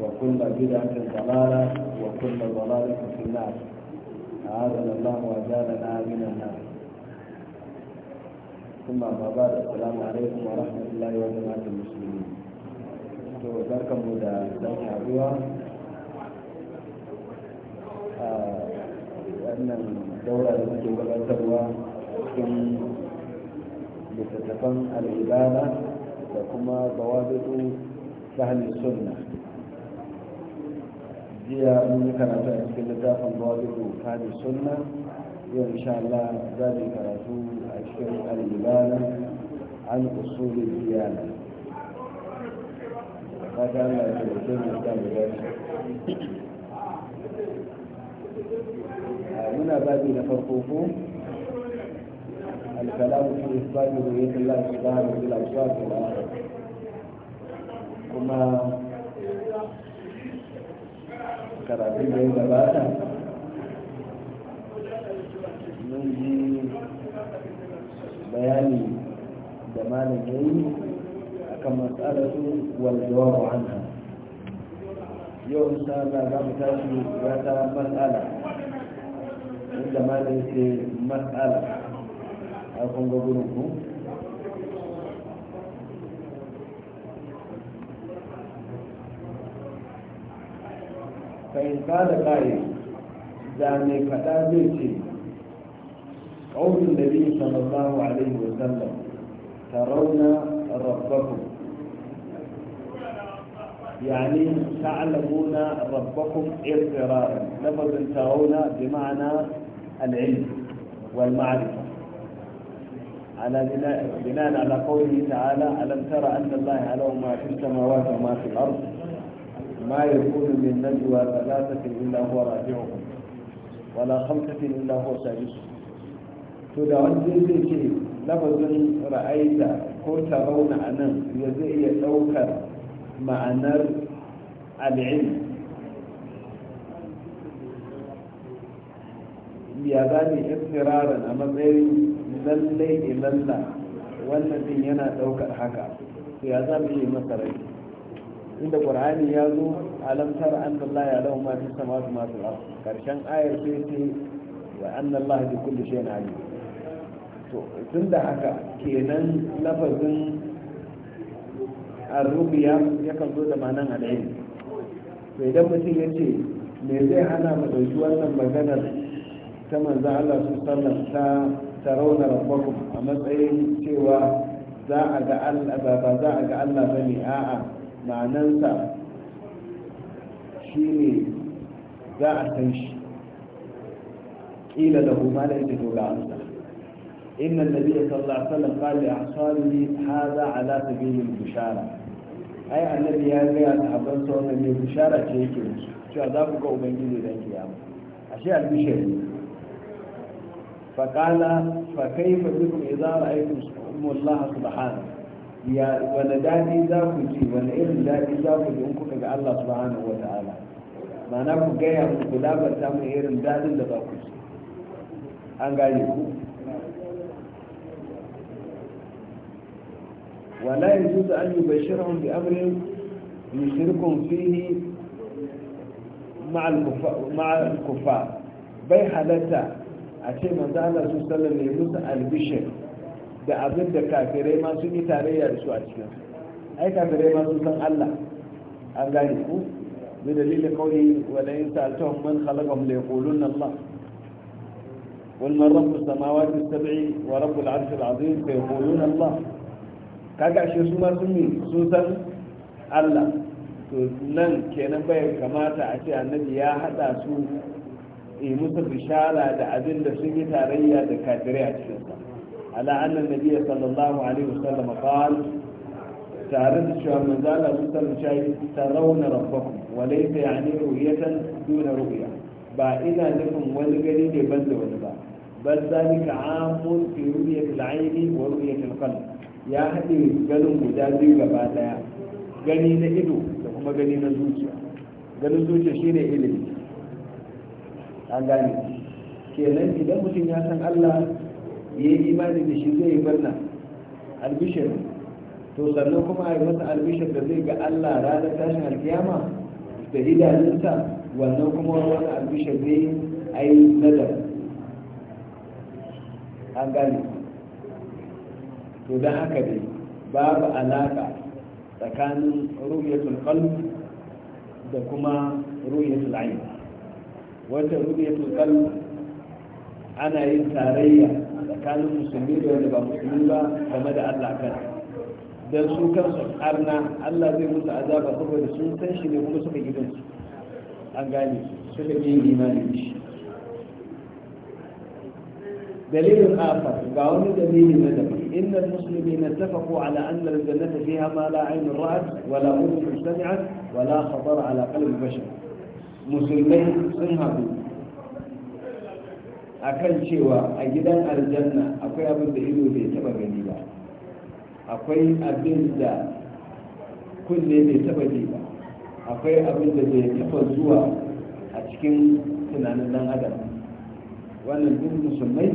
وكل بدعة ضلالة وكل ضلالة في النار أعاذنا الله وأجارنا من النار ثم ما بعد السلام عليكم ورحمة الله وبركاته المسلمين تذكركم بدا دوحة أبوة أن الدولة التي وقفت أبوة كم بتتفن العبادة وكما ضوابط سهل السنه jiya mun yi karatu a cikin littafin bawadin kadi sunna yau insha Allah za mu karatu a cikin al-ibana an usulul diyana fata Allah ya tabbata mu da muna babi na farko ko الكلام في إثبات رؤية الله سبحانه في كما karatun da ya gabata mun ji bayani da malam ya a kan matsalatu wal jawabu yau insha Allah za mu tashi wata matsala inda malam ya matsala a kun gurin فإن قال قائل زامي فدا بيتي قول النبي صلى الله عليه وسلم ترون ربكم يعني تعلمون ربكم اضطرارا لفظ ترون بمعنى العلم والمعرفة على بناء على قوله تعالى ألم تر أن الله على ما في السماوات وما في الأرض ما يكون من نجوى ثلاثة إلا هو راجعهم ولا خمسة إلا هو سادسهم to da wani zai ce lafazin ra'aita ko tarauna a nan ya zai iya ɗaukar ma'anar al'ilm ya za ne istirarin a matsayin lallai ilalla wannan din yana ɗaukar haka ya za mu yi masa rai inda qur'ani ya zo alam tara anna allah ya lahu ma fi samawati ma karshen ayar sai ce wa anna bi kulli shay'in alim to tunda haka kenan lafazin arrubiya yakan zo da manan alheri to idan mutum ya ce me zai hana mu dauki wannan maganar ta manzo Allah su sallam ta tarawna rabbakum a matsayin cewa za a ga Allah ba za a ga Allah bane a'a ma'anarsa shi ne za a san shi da kuma da ita tura amsa inna nabi ya kalla sallan kalli a sallani ha za a za ta gini bushara ai annabi ya gaya ta haɓar mai bushara ce yake musu cewa za ku ga ubangiji don kiyama a shi albishari fakala fakai fa zikun idan ra'aytum subhanahu ya wani daɗi za ku ji wani irin daɗi za ku ji in kuka ga Allah subhanahu wa ta'ala ma'ana ku gaya ku labarta mu irin daɗin da za ku ji an gane ku wala yanzu an yi bi amrin yushrikun fihi al kufa bai halatta a ce manzo Allah sallallahu alaihi wasallam ne musu da abin da kafirai ma sun yi tarayya da su a cikin ai kafirai ma sun san Allah an gane ku bi dalilin kauli wa la in man khalaqahum la yaquluna Allah قل من رب السماوات السبع ورب العرش fa فيقولون Allah kaga shi su ma sun yi sun san Allah to nan kenan bai kamata a ce annabi ya hada su yi musu bishara da abin da sun yi tarayya da kafirai a cikin على أن النبي صلى الله عليه وسلم قال تعرض الشهر من ذلك وسلم شيء ترون ربكم وليس يعني رؤية دون رؤية بإذا لكم والقليل بل ونبا بل ذلك عام في رؤية العين ورؤية القلب يا هدي قلم مجازي قبالا gani na ido da kuma gani na zuciya ganin zuciya shine ilimi an gane kenan idan mutum ya san Allah ya yi imani da shi zai yi murna albishir to sannan kuma a yi masa albishir da zai ga allah ranar tashin alkiyama da idanunsa wannan kuma wani albishir ne a yi nadar an gane to don haka ne babu alaƙa tsakanin ruhiyatul qalb da kuma ruhiyatul ayn wata ruhiyatul qalb ana yin tarayya tsakanin musulmi da wanda ba musulmi ba game da Allah kan dan su kansu arna Allah zai musu azaba saboda sun san shi ne kuma suka gidan su, an gane suka yi imani da shi دليل آخر قاوم دليل ندبي na المسلمين اتفقوا على أن الجنة فيها ما لا عين رأت ولا أذن wala ولا خطر على قلب musulmai sun سنهبوا akan cewa a gidan aljanna akwai abin da ido bai taba gani ba akwai abin da kunne bai taba ji ba akwai abin da bai taba zuwa a cikin tunanin dan adam wannan duk musulmai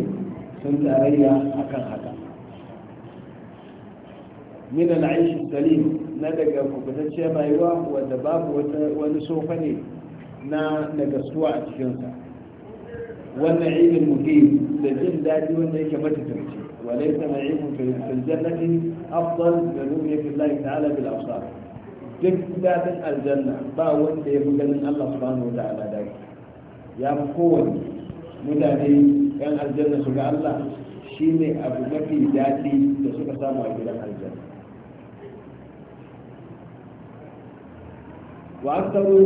sun tarayya akan haka min al'aish salim na daga kubutacciyar rayuwa wanda babu wani sofa ne na nagasuwa a cikinsa wannan ilmin muhim da jin daɗi wanda yake mata tarci وليس نعيم da الجنة أفضل من رؤية الله تعالى بالأبصار duk daɗin aljanna ba wanda ya fi ganin Allah subhanahu wa ta'ala dai ya fi kowanne mutane yan aljanna su ga Allah shine abu mafi daɗi da suka samu a gidan aljanna wa aktaru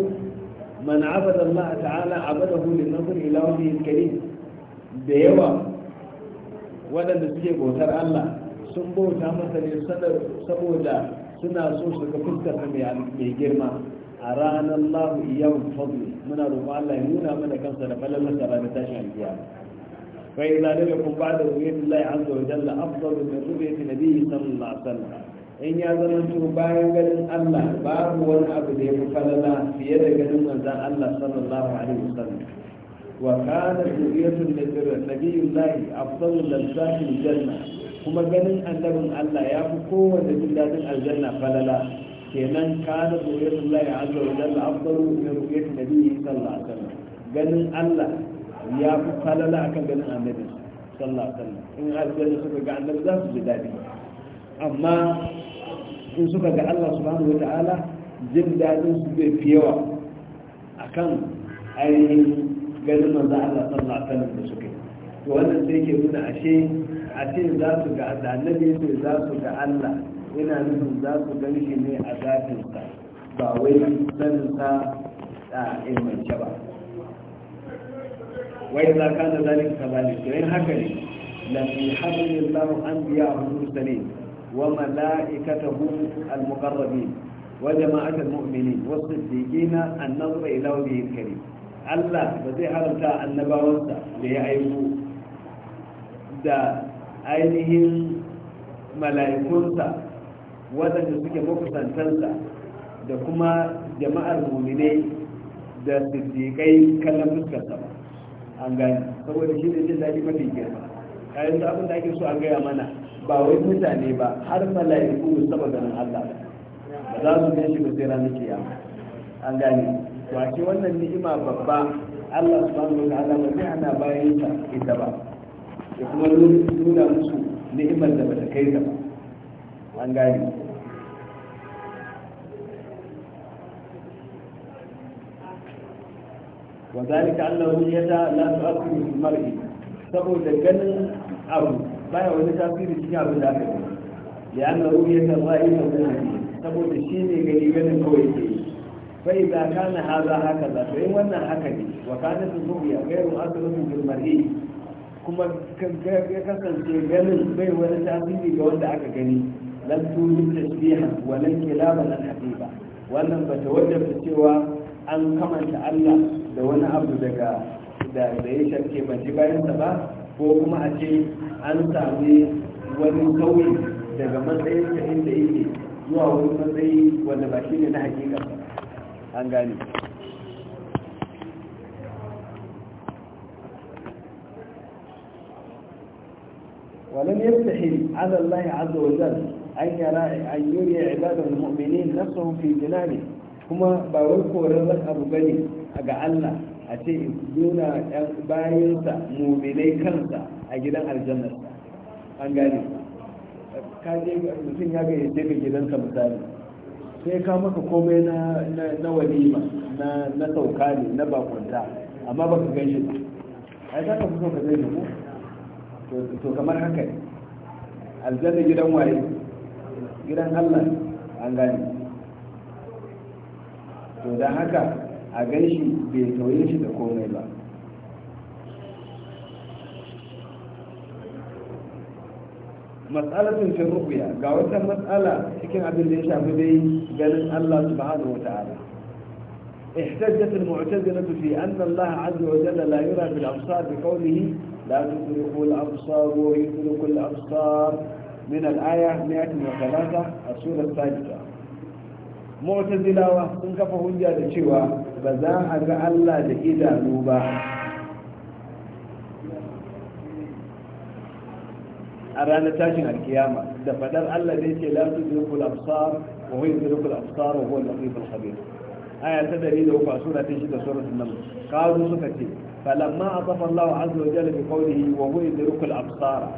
man abada Allah ta'ala abadahu li nazar ila wajhihi karim da yawa waɗanda suke bautar Allah sun bauta masa ne saboda suna so su ga fuskarsa mai girma a ranar lahu iyawu fadli muna roƙon Allah ya nuna mana kansa da falalar sa ranar tashin alkiyama fa idza lam yakun ba'da ru'yati Allah azza wa jalla in ya zama to bayan ganin Allah babu wani abu da ya fi falala fiye da ganin manzon Allah sallallahu alaihi wasallam wa kana zuriyatun nabiyullahi afdalul lansafil janna kuma ganin annabin Allah ya fi kowanne jin dadin aljanna falala kenan kana zuriyatullahi azza wa jalla afdalu min ru'yati nabiyyi sallallahu alaihi wasallam ganin Allah ya fi falala akan ganin annabi sallallahu alaihi wasallam in aljanna suka ga annabi za su ji dadi amma in suka ga Allah subhanahu Ta'ala) jin dadin su zai fi yawa a kan ainihin ganin manzo Allah sallallahu alaihi wasallam da suke to wannan sai ke nuna ashe a ce za su ga da annabi ne za su ga Allah ina nufin za su gan shi ne a zafin sa ba wai sanin sa a ilmance ba wai za ka na zalika kabali to yin haka ne lafi hadin Allah an biya wa musulmi وملائكته المقربين وجماعة المؤمنين والصديقين النظر إلى وجهه الكريم Allah ba zai haramta annabawansa da ya aiko da ainihin mala'ikunsa waɗanda suke makusantansa da kuma jama'ar muminai da siddiƙai kallon fuskarsa ba an gani saboda shi ne jin daɗi mafi girma kayan da abin da ake so a gaya mana ba wai mutane ba har mala'iku saba ganin Allah ba za su gan shi ba sai ranar kiyama an gane wace wannan ni'ima babba Allah subhanahu wa ta'ala ba zai hana bayan ta ita ba ya kuma nuna musu ni'imar da bata kai ta ba an gane zalika annahu يدا la تؤثر في mar'i saboda ganin abu. baya wani tasiri cikin abin da aka yi da an garu ya tarra da wani saboda shi ne gani ganin kawai ke yi fa idza kana hadha hakaza to in wannan haka ne wa kana tuzuya ghayru gairun bil mar'i kuma ya kasance ganin bai wani tasiri ga wanda aka gani lan tuzu tasbiha wa lan kilaba lan wannan bata wajabta cewa an kamanta Allah da wani abu daga da ya shakke ban ji bayan ta ba ko kuma a ce an sami wani kauye daga matsayin ta inda yake zuwa wani matsayi wanda ba shi ne na hakika an gane ولم يستحل على الله عز وجل أن يرى أن يري عباده المؤمنين نفسهم في جنانه كما باوي كورن أبو بني أجعلنا a ce nuna yan bayansa muminai kansa a gidan aljannar an gane ka je mutum ya yadda ga gidansa misali sai ka maka komai na na walima na na sauka ne na bakwanta amma baka gan shi ba ai za ka fito ka zai ko to kamar haka ne aljanna gidan waye gidan Allah an gane to dan haka a gan shi bai tauye shi da komai ba matsalatin fi rukuya ga wata matsala cikin abin da ya shafi dai ganin Allah wata'ala احتجت المعتزلة في أن الله عز وجل لا يرى بالأبصار بقوله لا تدرك الأبصار ويدرك الأبصار من الآية 103 السورة الثالثة معتزلة وإن كفى هجة ba za a ga Allah da idanu ba a ranar tashin alkiyama da fadar Allah da yake la tudrikul absar wa huwa yudrikul absar wa huwa al-latif al-khabir aya ta 103 sura ta 6 suratul naml kawo suka ce falamma atafa Allah azza wa jalla bi qawlihi wa huwa yudrikul absar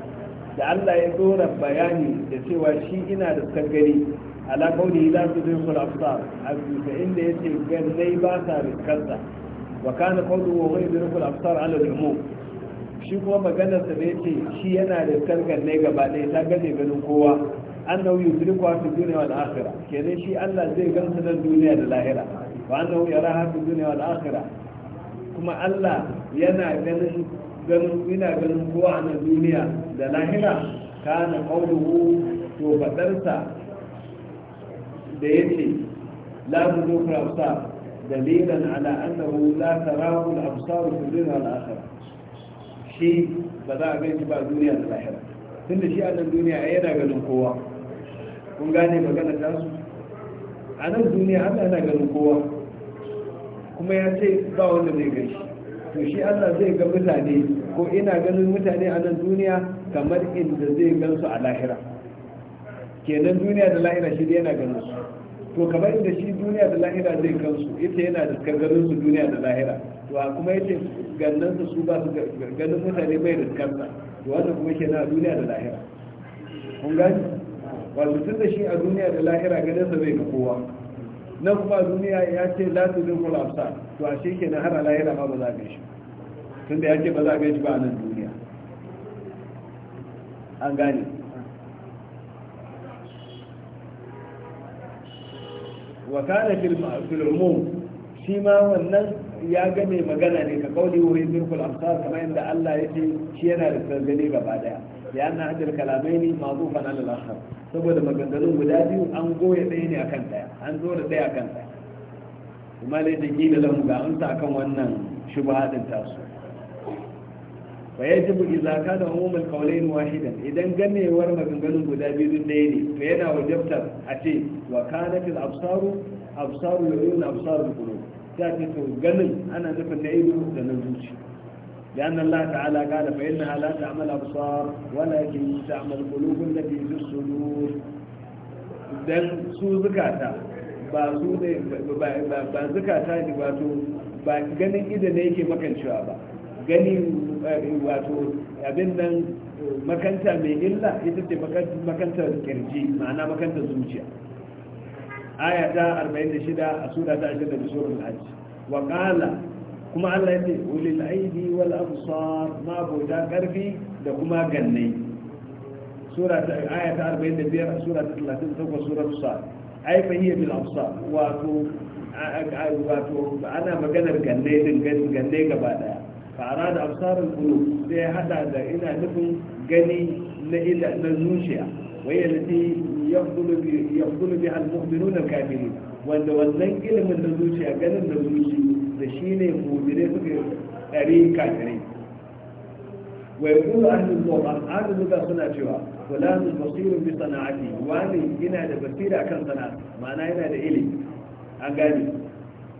da Allah ya dora bayani da cewa shi ina da sakari ala kauli za su zai kula absar a bisa inda yace gannai ba sa riskarsa wa kana qawlu wa ghayr zirkul absar ala al-umum shi kuma maganar sa da yace shi yana da sarkar ne gaba ɗaya ta gane ganin kowa annahu yudriku fi dunya wal akhirah kenan shi Allah zai gansa nan duniya da lahira wa annahu yaraha fi dunya wal akhirah kuma Allah yana ganin ganin yana ganin kowa a duniya da lahira kana qawluhu to fadarsa da ya ce la tudu ka absar dalilan ala annahu la tarahu al absar fi dunya al akhirah shi ba za a ga shi ba duniya da lahira tunda shi a nan duniya yana ganin kowa kun gane magana ta su a nan duniya Allah yana ganin kowa kuma ya ce ba wanda zai shi to shi Allah zai ga mutane ko ina ganin mutane a nan duniya kamar inda zai gansu a lahira kenan duniya da lahira shi yana ganin su to kamar inda shi duniya da lahira zai su ita yana da ganin su duniya da lahira to a kuma yace gannan su su ba su ganin mutane bai da kansa to wannan kuma ke na duniya da lahira kun gani wato tun da shi a duniya da lahira ganin sa bai ga kowa na kuma duniya ya ce la su zai kula to a shi kenan har a lahira ma ba za ka shi tun da ya ce ba za ka shi ba a nan duniya an gane wa kana shi ma wannan ya ga mai magana ne ka kauli wurin yuzirkul absar kamar yadda Allah ya ce shi yana da sargane gaba daya ya anna hadal kalamaini ma'rufan ala al-akhar saboda maganganun guda biyu an goya ɗaya ne kan ɗaya an zo da ɗaya kan ɗaya kuma da yake gina lamu ga amsa akan wannan shubha tasu bugi yajibu da kana umumul qawlayn wahidan idan ganewar maganganun guda biyu ɗaya ne to yana wajabta a ce wa kanat al absaru absaru yurun absaru qulub ganin ana nufin na ido da na zuci لأن الله تعالى قال فإنها لا تعمل أبصار ولكن تعمل قلوب التي في الصدور dan su zukata ba su ne ba zukata ne wato ba ganin ido ne yake makancewa ba gani Eh, wato abin nan makanta mai illa ita ce makantar kirji ma'ana makantar zuciya aya ta 46 a sura ta 20 da surun hajji wa kuma Allah yace ulil aidi wal absar ma boda karfi da kuma gannai sura ta aya ta 45 a sura ta 38 sura sa ai fa hiya bil absar wato wato ana maganar ganne din ganne gaba daya fara da absarar kulu sai ya hada da ina nufin gani na ila na zuciya wai alati yaqulu bi al-mu'minuna al-kafirin wanda wannan ilimin na zuciya ganin na zuci da shine mu'mine suka tsare wai wa yaqulu ahlul lughah ahlul da suna cewa fulanu basirun bi sana'ati wani ina da basira kan sana'a ma'ana yana da ilimi an gani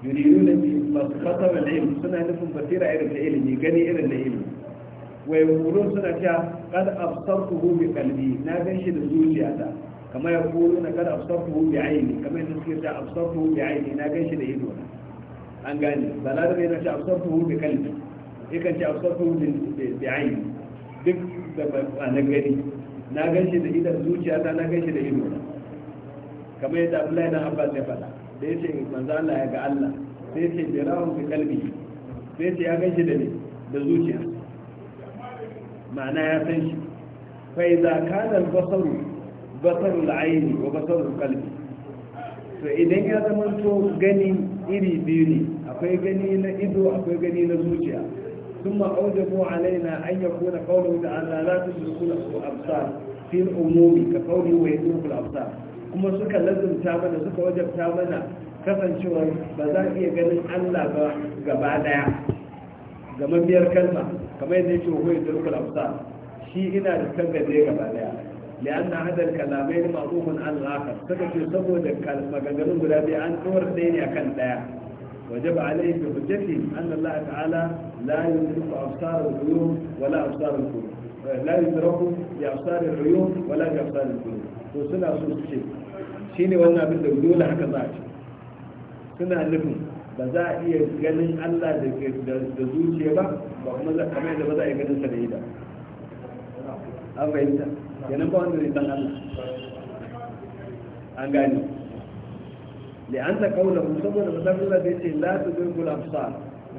yuridu da kasar suna nufin basira irin da ilimi gani irin da ilimi wai wurin suna cewa kada absartu hu bi kalbi na gan shi da zuciyata kama ya kuru na kada absartu bi aini kama yadda suke cewa absartu hu bi aini na gan da ido na an gane baladar yana cewa absartu hu bi kalbi yakan ce absartu hu bi aini duk da ba na gani na gan shi da zuciyata na gan da ido na kama yadda abdullahi dan abbas ya faɗa sai ya ce manzo Allah ya ga Allah sai ce bai rahu bi kalbi sai ce ya ganshi da ne da zuciya ma'ana ya san shi fa idza kana al-basaru basaru al-ayni wa basaru al-qalbi to idan ya zama to gani iri biyu ne akwai gani na ido akwai gani na zuciya ثم أوجبوا علينا أن يكون قوله تعالى لا تدركوا الأبصار في العموم كقوله ويدرك الأبصار kuma suka lazumta mana suka wajabta mana kasancewar ba za iya ganin Allah ba gaba daya ga mabiyar kalma kamar yadda yake hoye da afsa shi ina da tangaje gaba daya lianna hadal kalamai ma'rufun an al-akhar saka ce saboda maganganun guda biyu an tsawar ɗaya ne akan daya وجب عليه allah ta'ala الله تعالى لا يملك أبصار الغيوب ولا أبصار القلوب la yusrafu bi absar al-uyun wala bi absar al-qulub to suna so su abin da dole haka za a suna nufin ba za a iya ganin Allah da zuciya ba ba kuma za ba za a iya ganin sa da ida an fahimta an لأن قوله saboda مثلا الله يقول لا تدرك الأبصار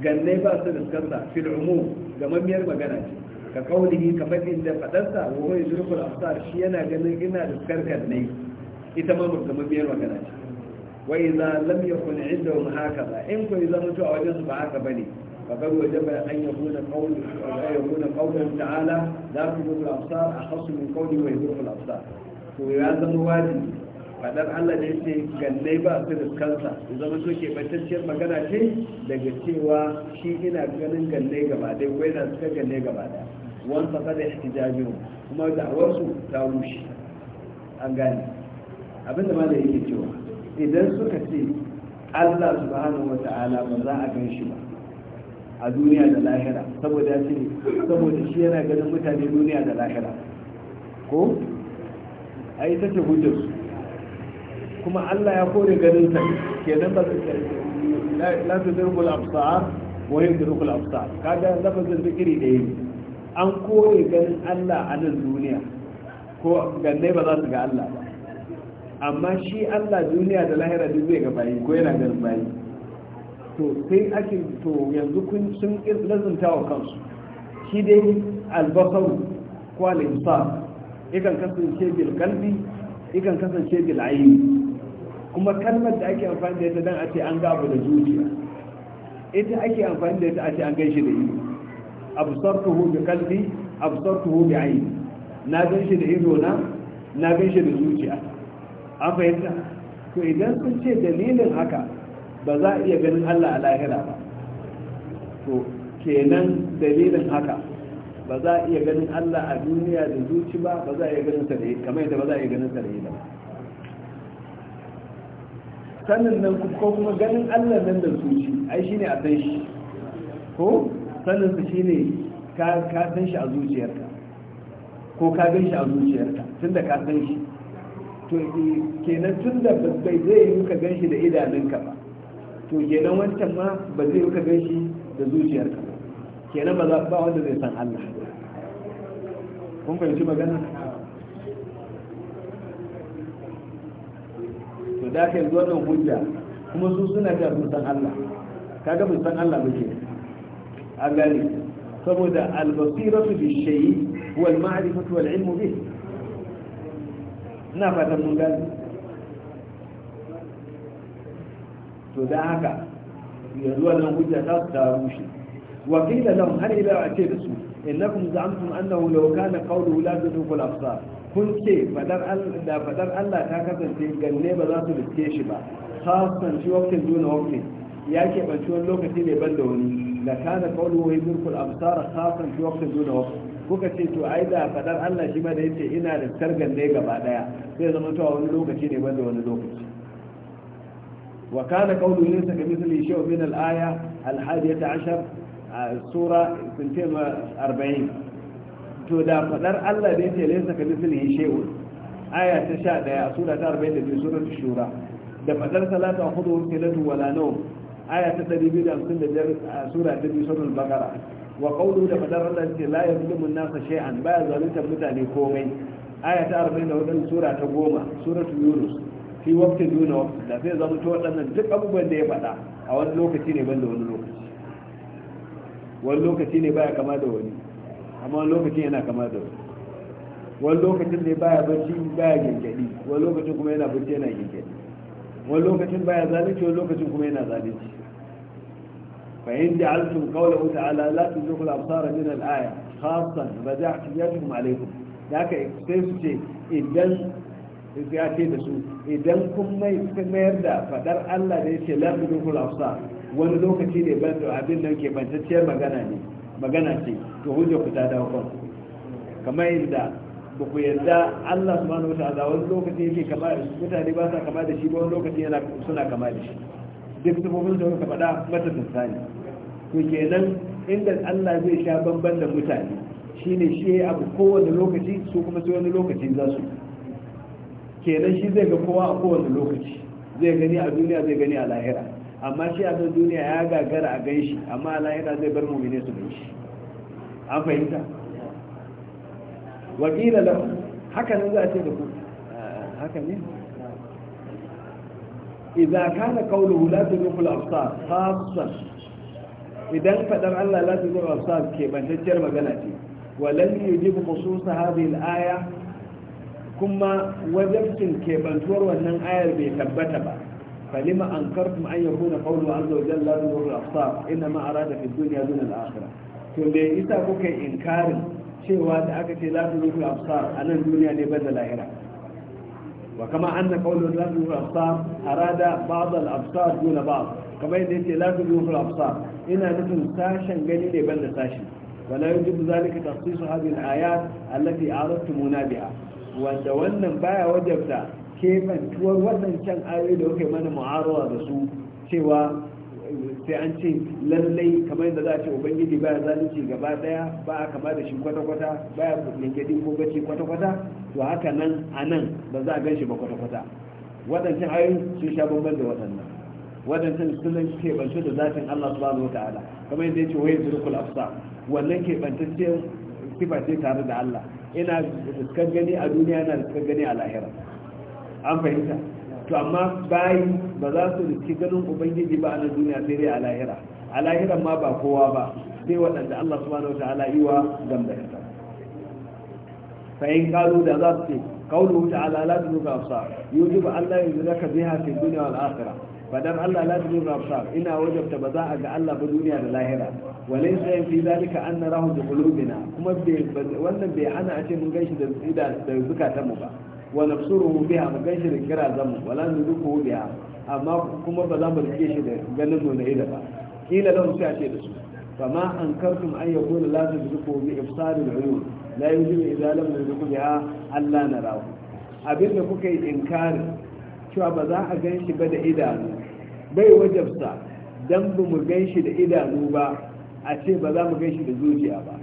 ganne ba su da fil umum gamammiyar magana ka kaulihi ka faɗin da faɗarsa wa wai zurful shi yana ganin ina da karkar ne ita ma mutumiyar magana ce wa idza lam yakun haka ba? in ko idza mutu a wajen su ba haka bane فقد وجب أن يكون قول أن يكون قوله تعالى لا تزور الأبصار أخص من قوله ويزور ya zama واجبي fadar Allah da yake gannai ba su da kansa ya zama so ke bantacciyar magana ce daga cewa shi ina ganin gannai gaba ɗaya ko yana suka gannai gaba ɗaya wani fasa da ihtijajiyo kuma da'awarsu ta rushe an gane abin da malai yake cewa idan suka ce Allah subhanahu wa ta'ala ba za a gan shi ba a duniya da lahira saboda ce saboda shi yana ganin mutane duniya da lahira ko a ita ce hujjarsu kuma Allah ya kore ganin ta kenan ba su la su dirkul absar wa yin dirkul absar kaga lafazin zikiri da yi an kore ganin Allah a nan duniya ko gannai ba za su ga Allah ba amma shi Allah duniya da lahira duk zai ga bayi ko yana ganin bayi to sai ake to yanzu kun sun lazunta wa kansu shi dai albasaru ko al-insaf yakan kasance bil kalbi yakan kasance bil aini kuma kalmar da ake amfani da ita dan a ce an ga abu da zuciya ita ake amfani da ita a ce an gaishe da ido absartuhu bi qalbi absartuhu bi ayi, na gan shi da ido na na gan shi da zuciya an fahimta to idan sun ce dalilin haka ba za a iya ganin Allah a lahira ba to kenan dalilin haka ba za a iya ganin Allah a duniya da zuci ba ba za a iya ganin sa da yi, kamar yadda ba za a iya ganin sa da yi ba sannan nan ko kuma ganin Allah nan da zuci ai shine a san shi ko sanin su shi ka ka san shi a zuciyarka ko ka gan shi a zuciyarka tun da ka san shi to eh, kenan tun da bai zai yi ka gan shi da idanunka ba to kenan wancan ma ba zai yi ka gan shi da zuciyarka ba kenan ba za ba wanda zai san Allah kun fahimci magana to da ka yanzu wannan hujja kuma su suna ga sun san Allah kaga mun san Allah muke أباني فبدا البصيرة بالشيء والمعرفة والعلم به نافة المنجل تدعك يدوى لهم قد يتاب تاروش وقيل لهم هل إلا أعتي رسول إنكم زعمتم أنه لو كان قوله لا تدوك الأبصار كن كي فدر ألا تاكد أن تقلني بذات الاتكيشبة خاصة في وقت دون وقت ياكي بنشون لوك تيلي بلدهني lakana qawluhu yudriku al-absara khasan fi waqtin duna waqt kuka ce to ai da fadar Allah shi ma da yace ina da targan ne gaba daya sai zama to wani lokaci ne banda wani lokaci wa kana qawluhu laysa kamithlihi shay'un min al-aya al-hadiyata ashar sura arba'in to da fadar Allah da yace laysa kamithlihi shay'un aya ta sha 11 sura ta arba'in da 42 sura shura da fadar salatu khudhu kilatu wala nawm aya ta 255 a sura ta biyu sunan bakara wa da fadar Allah ce la yuzlimu an-nasa shay'an baya zalunta mutane komai aya ta 44 sura ta 10 suratul yunus fi waqti duna waqti da zai zama to waɗannan duk abubuwan da ya faɗa a wani lokaci ne banda wani lokaci wani lokaci ne baya kama da wani amma wani lokaci yana kama da wani wani lokacin ne baya bacci baya gengedi wani lokacin kuma yana bacci yana gengedi wani lokacin baya zalunci wani lokacin kuma yana zalunci fahim da alfin kawai wuta ala latin zuku lamsara min al'aya khasan ba za a cikin yajin malaikun da aka sai su ce idan ya ce da su idan kun mai suka mayar da fadar allah da ya ce latin zuku lamsara wani lokaci ne ban da abin nan ke bantacciyar magana ne magana ce to hujja ku ta dawo kan kamar inda ba ku yarda Allah su manu ta'ala wani lokaci yake kama da shi mutane ba sa kama da shi ba wani lokaci yana suna kama da shi duk mafi da kuka faɗa mata tsani to kenan inda Allah zai sha bamban da mutane shi ne shi ya abu kowane lokaci su kuma sai wani lokaci za su kenan shi zai ga kowa a kowane lokaci zai gani a duniya zai gani a lahira amma shi a duniya ya gagara a gan shi amma a lahira zai bar mu su gan shi an fahimta وقيل له هكذا ذاتي لكم هكذا إذا كان قوله لا تدوك الأبصار خاصة إذا فدر الله لا تدوك الأبصار كيف أنتجر مقالاتي ولن يجيب خصوص هذه الآية كما وذبت كيف أنتور وأن الآية بيثبت بها فلما أنكرتم أن يكون قوله عز وجل لا تدوك الأبصار إنما أراد في الدنيا دون الآخرة فلما إذا كنت إنكارك cewa da aka ce za su rufe a nan duniya ne da lahira wa kama an na kawo za su rufe absar arada ba'd al absar duna kamar yadda yake la rufe ina nufin sashen gani ne banda sashi wala yujibu zalika tafsisu hadhihi al ayat allati aradtumuna biha wanda wannan baya wajabta wannan can ayoyi da kuke mana mu'arawa da su cewa sai an ce lallai kamar yadda za a ce ubangiji baya zalunci gaba daya ba a kama da shi kwata-kwata baya yankadin ko gaci kwata-kwata to haka nan a nan ba za a gan shi ba kwata-kwata waɗancan ayoyin sun sha bambam da waɗannan waɗancan sunan keɓance da zafin allah su wa ala kamar yadda ya ce waye zurkul afsa wannan ce kifa ce tare da allah ina fuskar gani a duniya ina fuskar gani a lahira an fahimta to amma bayan ba za su riski ganin ubangiji ba a na duniya sai dai a lahira a lahiran ma ba kowa ba sai waɗanda Allah subhanahu wa ta'ala yi wa gambarta fa in kalu da za su ce qawluhu ta'ala la tudru absar yujibu an la yuzaka biha fi dunya wal akhirah fadar Allah la tudru absar ina wajabta ba za a ga Allah ba duniya da lahira walaysa fi zalika an narahu bi qulubina kuma wannan bai hana a ce mun gaishe da da ta mu ba wa nafsuruhu biha mu shi da kira zamu wala duku biha amma kuma ba za mu rike shi da ganin mu na ida ba kila lahu sai a ce da su an أنكرتم أن يقول لا تدركوا بإبصار العيون la yujib idza lam yuduku biha alla narahu abin da kuka yi inkari cewa ba za a gan shi ba da idanu bai wajabta dan ba mu gan shi da idanu ba a ce ba za mu gan shi da zuciya ba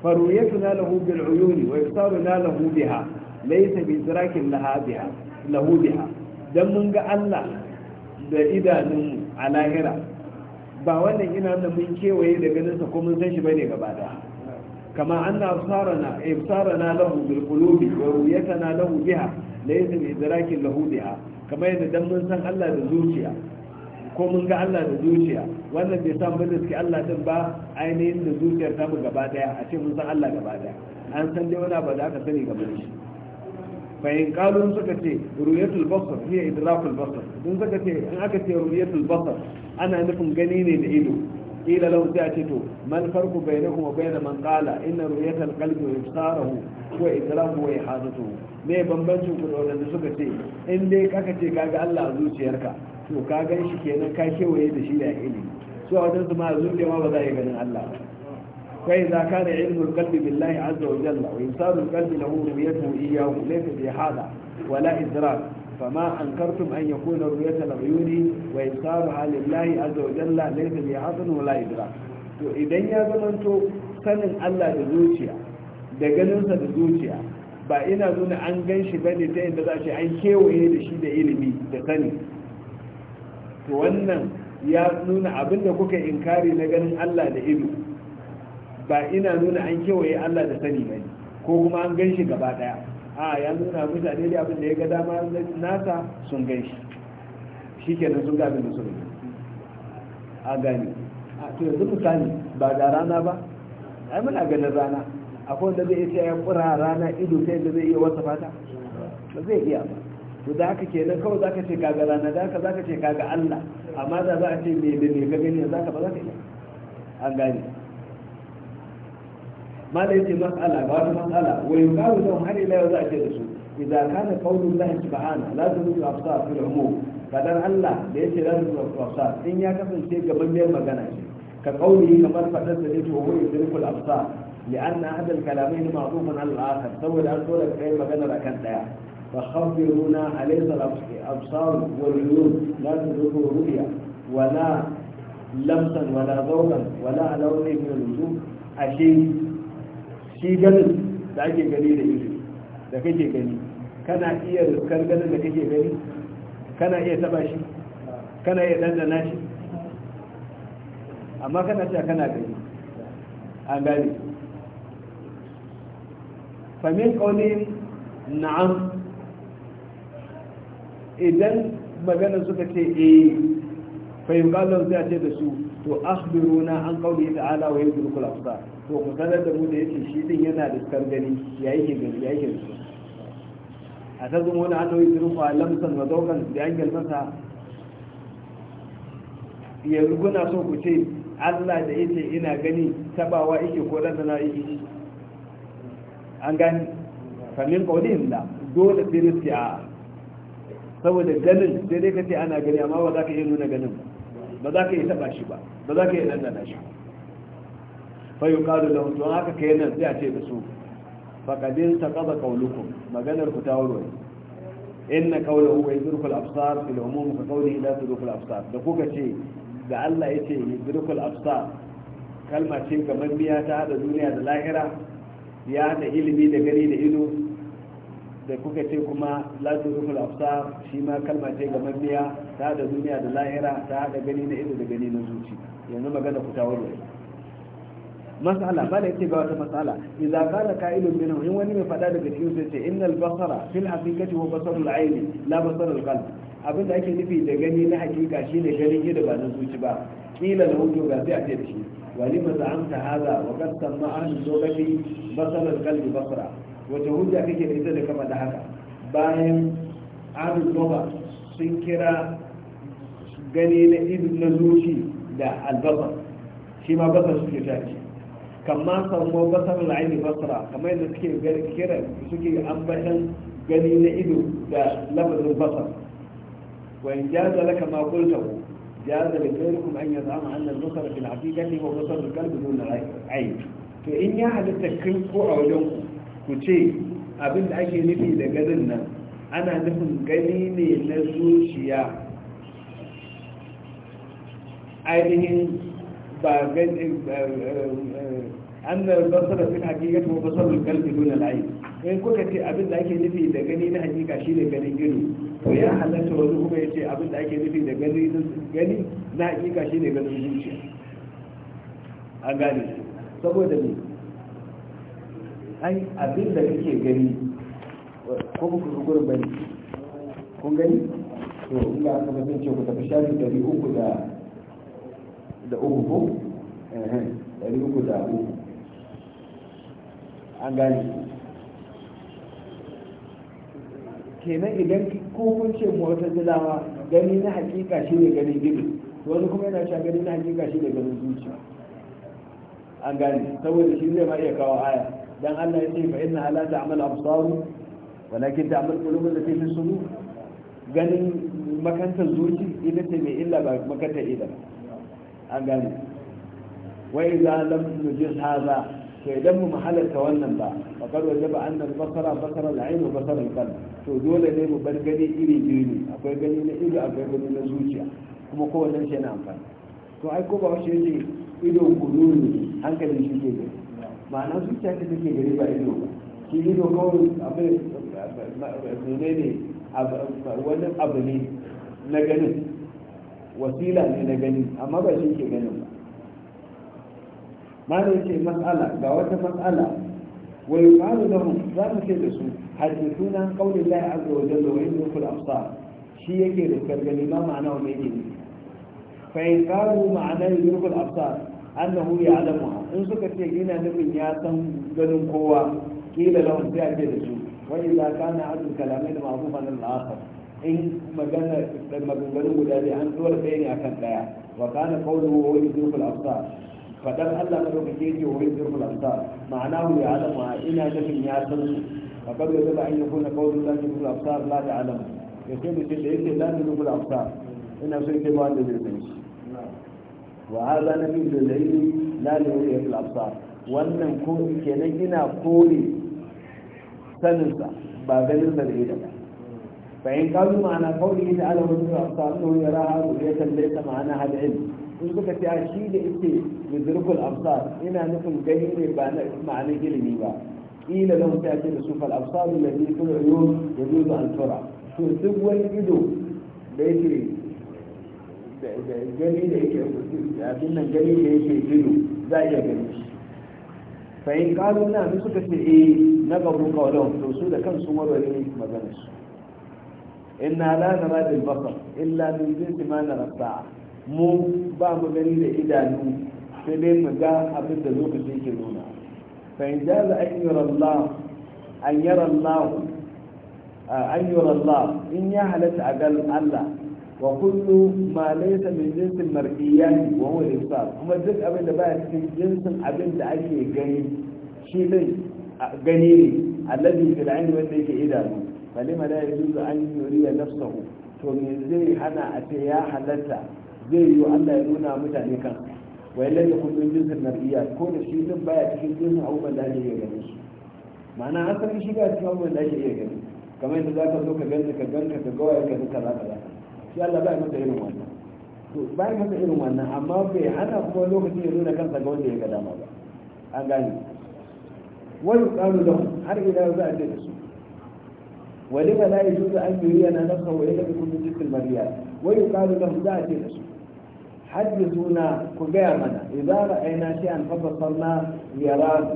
faru ya na lahu bil uyuni wa yasaru na lahu biha laisa bi zirakin lahabiya lahu dan mun ga Allah da idanunmu a lahira ba wannan ina da mun kewaye da ganin sa ko mun san shi bane gaba da kama anna absarana absarana lahu bil qulubi wa ru'yatana lahu biha laisa bi zirakin lahu biha kama yadda dan mun san Allah da zuciya ko mun ga Allah da zuciya wannan bai san mun suke Allah din ba ainihin da zuciyar ta mu gaba daya a ce mun san Allah gaba daya an san dai wani abu da aka sani gaba da shi fa'in kalun suka ce ruyatul basar hiya idrakul basar in suka ce in aka ce ruyatul basar ana nufin gani ne da ido kila lau sai a ce to man farko bai na kuma bai da man kala inna ruyatul qalbi wa ibsarahu wa idraku wa ihadatuhu me bambancin ku da wanda suka ce in dai kaka ce kaga Allah a zuciyarka to ka gan shi kenan ka kewaye da shi da ilimi so a wajen su ma zuciya ma ba za a yi ganin Allah ba فإذا كان علم القلب بالله عز وجل وإنسان القلب له رؤيته إياه ليس في ولا إدراك فما أنكرتم أن يكون رؤية العيون وإبصارها لله عز وجل ليس بحظ ولا إدراك to idan ya zamanto sanin Allah da zuciya da ganinsa da zuciya ba ina nuna an gan shi bane ta yadda za shi an kewaye da shi da ilimi da sani to wannan ya nuna abinda kuka inkari na ganin Allah da ido ba ina nuna an kewaye Allah da sani ba ko kuma an gan shi gaba daya a ya nuna mutane da abin da ya ga dama nasa sun gan shi shi kenan sun ga abin da sun a gani a to yanzu misali ba da rana ba ai muna ganin rana akwai wanda zai iya ya kura rana ido sai da zai iya wasa fata ba zai iya ba to da haka kenan kawai zaka ce kaga rana da haka zaka ce kaga Allah amma da za a ce me da me ka gani zaka ba zaka iya an gane ما ليس مسألة بعد مسألة ويقال لهم هل لا يوزع جدسه إذا كان قول الله سبحانه لا تدرك الأبصار في العموم فدر الله ليس لا تدرك الأبصار إن يكفل شيء قبل ما مجانا كقوله كما فتت ليس وهو يدرك الأبصار لأن أحد الكلامين معطوف على الآخر سوى الأرسول كيف مجانا ركنت فخبرونا أليس الأبصار والعيون لا تدرك الرؤيا ولا لمسا ولا ذوقا ولا لون من الوجوه أشيء shi ganin da ake gani da ido da kake gani kana iya rukar ganin da kake gani kana iya taba shi kana iya dandana shi amma kana cewa kana gani an gani? famin kaunin na'am idan magana suka ce eh fahimkalon sai a ce da su to akhbiruna an qawli ta'ala wa yudrikul absar to ku sanar da mu da yake shi din yana da skar yayi ya yake gani ya yake gani a ta zama wani hannu yudriku a lamsan wa zaukan da an masa ya kuna so ku ce Allah da yake ina gani tabawa yake ko dan na yi an gani kamin qawlihim la dole sai ne a saboda ganin sai dai kace ana gani amma ba za ka iya nuna ganin ba ba za ka yi taba shi ba ba za ka yi dandana shi fa yi kalu da mutum haka ka yi nan sai a ce da su faƙadin ta ƙaba ƙaunukun maganar ku ta warware in na ƙaula huwa yi zurkul absar fil umum ka ƙauli ila zurkul absar da kuka ce da Allah ya ce yi zurkul absar kalma ce kamar biya ta haɗa duniya da lahira ya haɗa ilimi da gani da ido da kuka ce kuma la zurkul absar shi ma kalma ce kamar biya ta da duniya da lahira ta haɗa gani na ido da gani na zuci yanzu magana ku ta masala ba da yake ba wata masala idan kana ka'ilun minhu in wani mai fada daga cikin sai ce innal basara fil haqiqati wa basarul ayni la basarul qalb abinda ake nufi da gani na hakika shine ganin ido ba na zuci ba kila da hudu ga sai a ce da sama ولما زعمت هذا وقد سمى أهل اللغة بصر da بصرا وتهجى كيف يزد كما دهك باين أهل sun kira. gani na idu na zuci da albasar shi ma basar suke tashi kamma samu basar la'aini basara kamar yadda suke kiran suke ambatan gani na ido da labarin basar wani in jaza laka ma qulta jaza li ghayrikum an yaz'ama anna al-basara fil haqiqati wa basar da qalb dun al to in ya halitta kin ko a wajen ku ce abin da ake nufi da ganin nan ana nufin gani ne na zuciya ainihin ba annar eh, eh, basara fi hakika ta basara kalbi nuna layi in kuka ce abin da ake nufi da gani na hakika shi ne ganin gani to ya halatta wani kuma ya ce abin da ake nufi da gani na hakika shi ne ganin zuciya a gane saboda ne ai abin da kake gani ko ku kusa gurin bane kun gani to ina ba aka zan ce ku tafi shafi ɗari uku da da uku ko ɗari uku da uku an gane kenan idan ko kun ce mota zilawa gani na hakika shi ne ganin gini wani kuma yana cewa gani na hakika shi ne ganin zuciya an gane saboda shi zai ma iya kawo aya dan Allah ya ce fa inna ala ta'mal absaru walakin ta'mal qulubul lati fi sunu ganin makantar zuci ita ce mai illa ba makantar idan an gane wai za lam nujir haza to idan mu mahalarta wannan ba fakar waje ba annal basara basara al'ain wa basara al to dole ne mu bar gani iri biyu ne akwai gani na ido akwai gani na zuciya kuma kowanne shi yana amfani to ai ko ba wace yake ido gulu ne hankalin shi ke gani ma'ana zuciya ta take gari ba ido ba shi ido kawai abin ne ne wani abu ne na ganin wasila ne na gani amma ba shi ke ganin ba mana yake matsala ga wata matsala wai faru da mu za mu ce da su hadithuna qaulillahi azza wa jalla wa yudrikul amsa shi yake da kargani ma ma'ana wa yake ne fa in qalu ma'ana yudrikul absar annahu ya'lamuha in suka ce gina nufin ya san ganin kowa kila lahum sai a ce da su wani idza na adu kalamai da ma'rufan al-akhar إن مجانا لما بنبنوه ده عن سور ثاني أكان لا وكان قوله هو يزرق الأبصار فدم ألا قدر بكيتي هو يزرق الأبصار معناه يعلمها إن هدف يعلم فقد يجب أن يكون قوله لا يزرق الأبصار لا يعلم يقول كل إنه لا يزرق الأبصار إن أبصر كيف أنت بيرتني وهذا نبي للعلم لا لرؤية الأبصار وأن نكون كنجنا كنا كولي سنسى بغير المدينة فإن قالوا معنى قوله تعالى وزر أبصاره يراها رؤية ليس معناها العلم وزرك في أشياء إتي وزرك الأبصار إنا نكون جهد بأن اسمع عليه لنيبا إلى لو تأتي نشوف الأبصار الذي كل عيون يدود أن ترى شو سبوا يدو بيتري جميل هيك يعني جميل هيك يجلو زي فإن قالوا لنا نسكت في إيه نقضوا قولهم فرسولة كم سمر ولي مدنس inna la nara bil basar illa min jinsi ma nara sa'a mu ba mu gani da idanu sai dai mu ga abin da lokaci yake nuna fa in jaza an yara Allah an yara Allah an Allah in ya halatta a gal Allah wa kullu ma laysa min jinsi mar'iyyan wa huwa al-ibsar kuma duk abin da baya cikin jinsin abin da ake gani shi din gani ne alladhi fil ayn wanda yake idanu falima da la yajuzu an yi yuriya nafsahu to me zai hana a ce ya halatta zai yi Allah ya nuna mutane kan wai lai da kullun jinsin nabiya ko da shi din baya cikin jinsin abubuwan da ake iya gani su ma'ana an san shi ba cikin abubuwan da ake iya gani kamar yadda zaka zo ka ganta ka ganta ka gawaye ka duka za ka za shi Allah ba ya masa irin wannan to ba ya masa irin wannan amma bai hana kuma lokacin ya nuna kansa ga wanda ya ga dama ba an gane wani ƙalu da har ila za a ce da su ولما لا يجوز أن يرينا نفسه وإلا بكل جسم المريان ويقال لهم ذات نفسه حدثونا كجامنا إذا رأينا شيئا فبصرنا يراه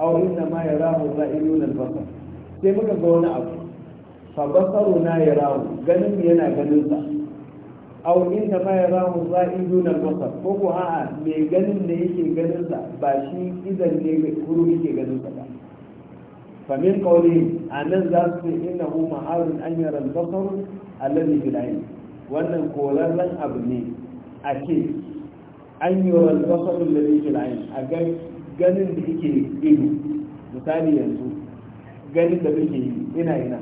أو إنما يراه الرائلون البصر sai muka ga wani abu fabasaru na ya rahu ganin yana ganin sa au inda ma ya rahu za'idu na basar ko ko a'a mai ganin da yake ganin sa ba shi idan ne kuru yake ganin sa ba famin kauli a nan za su ce inna hu ma'arun an yara basar alladhi bil ayn wannan kolallen abu ne a ce an yara basar alladhi a ganin da yake ido misali yanzu ganin da muke yi ina ina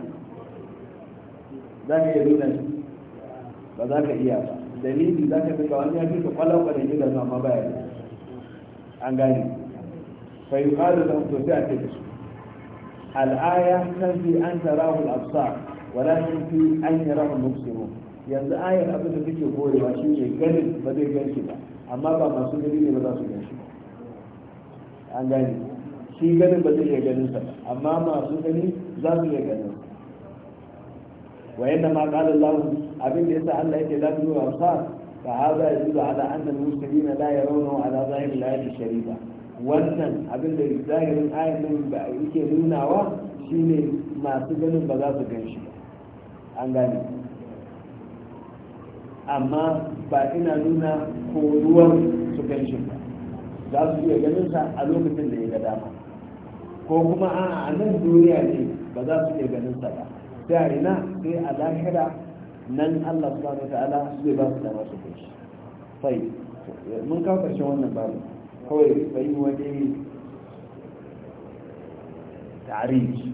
za ka iya nuna ba za ka iya ba dalili za ka duka wani ya fi ka da gidan amma ba ya an gane fa yi ƙaru da mutu sai a da su al'aya tanfi an tarahu al-absar wala tanfi an yarahu al-mubsirun yanzu ayar abin da take korewa shi ne ganin ba zai ganshi ba amma ba masu gani ne ba za su ganshi shi an gani shi ganin ba zai iya ganin sa amma masu gani za su iya ganin wa yadda ma qala Allah abin da yasa Allah yake la tuwa absar fa hada yadullu ala anna al-muslimina la yarawna ala zahir al-ayat sharifa wannan abin da zahirin ayan nan ba yake nunawa shine masu ganin ba za su gan shi an gane amma ba ina nuna ko ruwan su gan shi ba za su iya ganin sa a lokacin da ya ga dama ko kuma a nan duniya ne ba za su iya ganin sa ba sai a ina sai a lahira nan Allah subhanahu wa ta'ala zai ba su dama su gan shi sai mun kawo karshen wannan babu kawai bai wani tarihi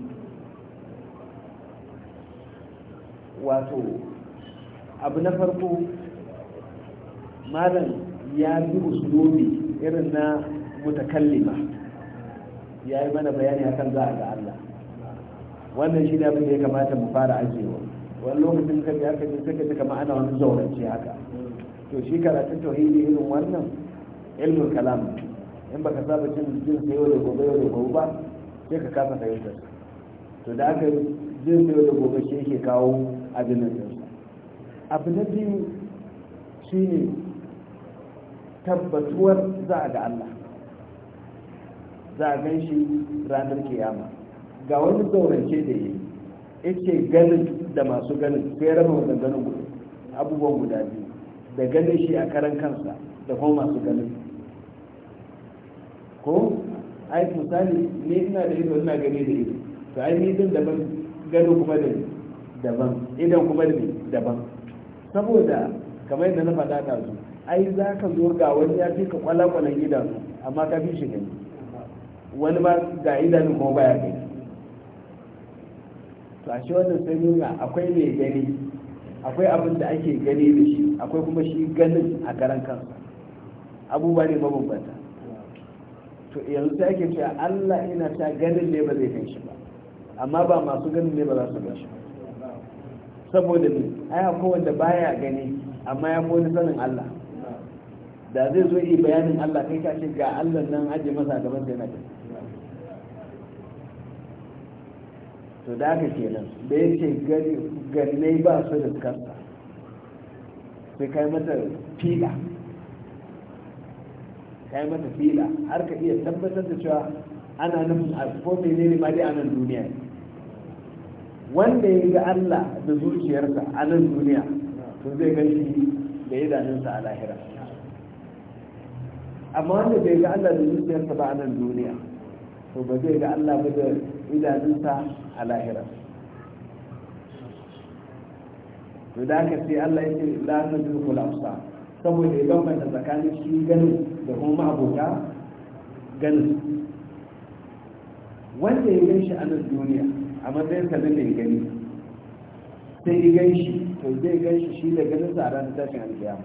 wato abu na farko malam ya bi usulobi irin na mutakallima ya yi mana bayani kan za a ga Allah wannan shi ne abin da ya kamata mu fara ajiyewa wani lokacin ka ji aka ji suka ji wani zaurance haka to shi karatun tauhidi irin wannan ilmin kalam in baka saba cin jin yau da gobe yau da gobe ba sai ka kasa fahimtar to da aka jin yau da gobe shi yake kawo abin nan yau abu na biyu shine tabbatuwar za a ga Allah za a gan shi ranar kiyama ga wani zaurance da yi yake ganin da masu ganin sai raba maganganun abubuwan guda biyu da ganin shi a karan kansa da kuma masu ganin ko ai misali ne ina da ido ina gani da ido to ai ni din daban gado kuma da daban idan kuma da daban saboda kamar yadda na faɗa da su ai za ka zo ga wani ya fi ka kwalakwalan gidan amma ka fi shi gani wani ba ga idanun kuma baya gani to a shi wannan sai nuna akwai mai gani akwai abin da ake gani da shi akwai kuma shi ganin a karan kansa abubuwa ne mabambanta to yanzu ta ake cewa Allah ina ta ganin ne ba zai gan shi ba amma ba masu ganin ne ba za su gan shi saboda ne ai akwai wanda baya gani amma ya fi sanin Allah da zai zo yi bayanin Allah kai ka ce ga Allah nan aje masa gaban sai na to da haka kenan da ya ce ba su da kasa sai kai mata fiɗa ka mata fila har ka iya tabbatar da cewa ana nufin a ko menene ma dai a nan duniya wanda ya ga Allah da zuciyarsa a nan duniya to zai gan shi da sa a lahira amma wanda bai ga Allah da zuciyarsa ba a nan duniya to ba zai ga Allah ba da sa a lahira to da ka sai Allah ya ce la nadu kul absar saboda ya bambanta tsakanin shi ganin da kuma ma'abota ganin wanda ya gan shi a nan duniya a matsayin sa nan gani sai ya gan shi to zai gan shi shi da ganin sa a ranar tashin alkiyama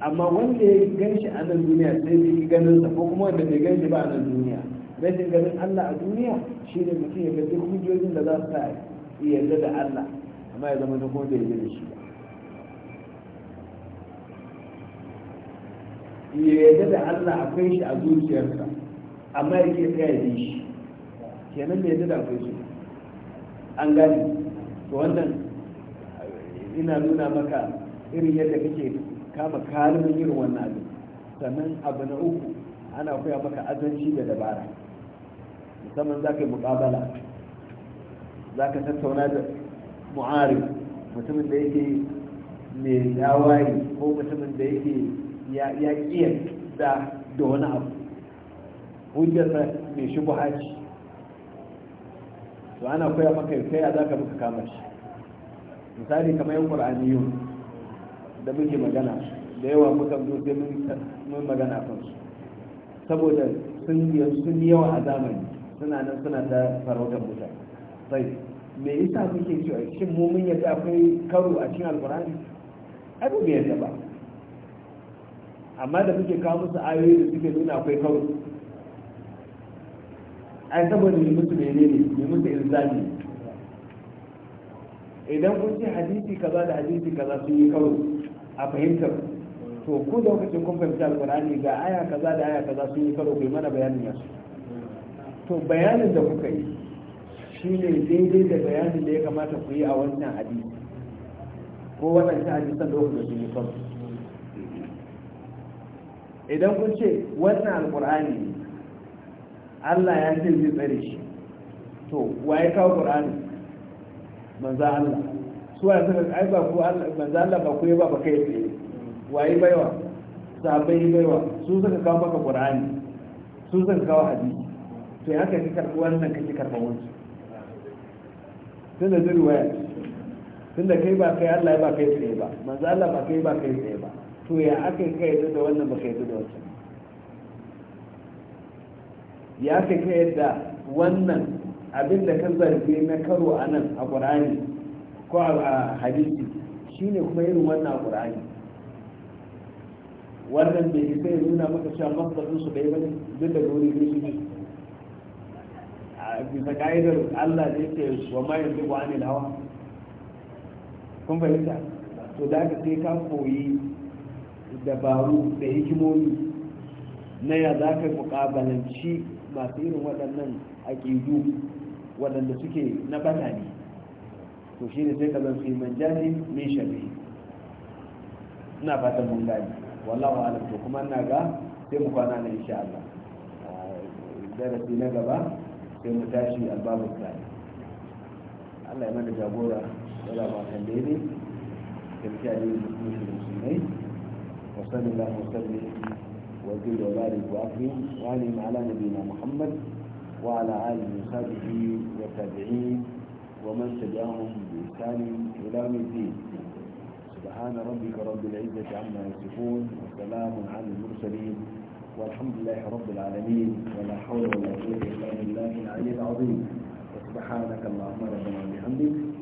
amma wanda ya gan shi a nan duniya sai ya yi ganin sa ko kuma wanda bai gan shi ba a nan duniya rashin ganin Allah a duniya shi ne mutum ya ga duk hujjojin da za su sa yarda da Allah amma ya zama duk wanda ya gani shi ba yadda da Allah akwai shi a zuciyarsa amma yake tsaya da shi kenan da yadda da akwai shi an gani to wannan ina nuna maka irin yadda kake kama kalin irin wannan abin sannan abu na uku ana koya maka azanci da dabara musamman za ka yi mukabala za ka tattauna da mu'ari mutumin da yake mai dawaye ko mutumin da yake ya kiyarta da wani abu hujjarsa mai shi haji to ana koya maka yi ya za ka muka kama shi misali kamar yan yau da muke magana da yawa muka zo mun magana kan su saboda sun yi yawa a zamani suna nan suna ta farautar mutane sai me yasa muke cewa shin mu mun yadda akwai karo a cikin alƙur'ani abu bai yadda ba amma da muke kawo musu ayoyi da suke nuna akwai kawai ai saboda yi musu ne yi musu ilzami idan kun ce hadisi kaza da hadisi kaza sun yi kawai a fahimtar to ku kuke kun fahimci alkur'ani ga aya kaza da aya kaza sun yi karo kai mana bayanin yasu to bayanin da kuka yi shine daidai da bayanin da ya kamata ku yi a wannan hadisi ko waɗancan hadisan da kuka sun yi karo idan kun ce wannan alkur'ani Allah ya ce zai tsare shi to waye kawo qur'ani manzo Allah su waye suka ai ba ku manzo Allah ba ku ba ba kai tsaye waye baiwa sabai baiwa su suka kawo maka ƙur'ani, su suka kawo hadisi to ya kai karɓi wannan kake karɓar wancan zuri waya, tun da kai ba kai Allah ya ba kai tsaye ba manzo Allah ba kai ba kai tsaye to ya aka ka yadda da wannan baka yi da wancan ya aka ka yadda wannan abin da ka zarge na karo a nan a ƙur'ani ko a hadisi ne kuma irin wannan a ƙur'ani wannan bai isa zai nuna maka cewa masalafin su ɗaya bane duk da wuri ne su ne a bisa ka'idar Allah da yake wa ma yanzu ba ne Kuma kun fahimta to da aka sai ka koyi dabaru da hikimomi na ya za ka mukabalanci masu irin waɗannan aƙidu waɗanda suke na bata ne to shi ne sai ka zan fi manjani min shabi ina fatan mun gani wallahu alam kuma ina ga sai mu kwana na insha Allah ah, darasi na gaba sai mu tashi albabu tsari Allah ya mana jagora da ba kan daidai da musulmi musulmai وصلى الله وسلم وزيد وبارك واكرم وانعم على نبينا محمد وعلى اله وصحبه والتابعين ومن تبعهم باحسان الى يوم الدين سبحان ربك رب العزه عما يصفون وسلام على المرسلين والحمد لله رب العالمين ولا حول ولا قوه الا بالله العلي العظيم سبحانك اللهم ربنا وبحمدك